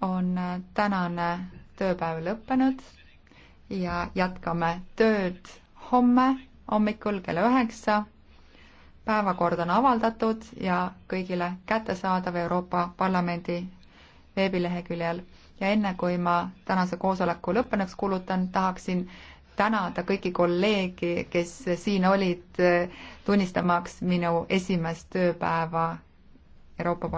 on tänane tööpäev lõppenud ja jätkame tööd homme hommikul kella üheksa. päevakord on avaldatud ja kõigile kättesaadav Euroopa Parlamendi veebileheküljel ja enne, kui ma tänase koosoleku lõppenuks kuulutan, tahaksin tänada kõiki kolleegi, kes siin olid tunnistamaks minu esimest tööpäeva Euroopa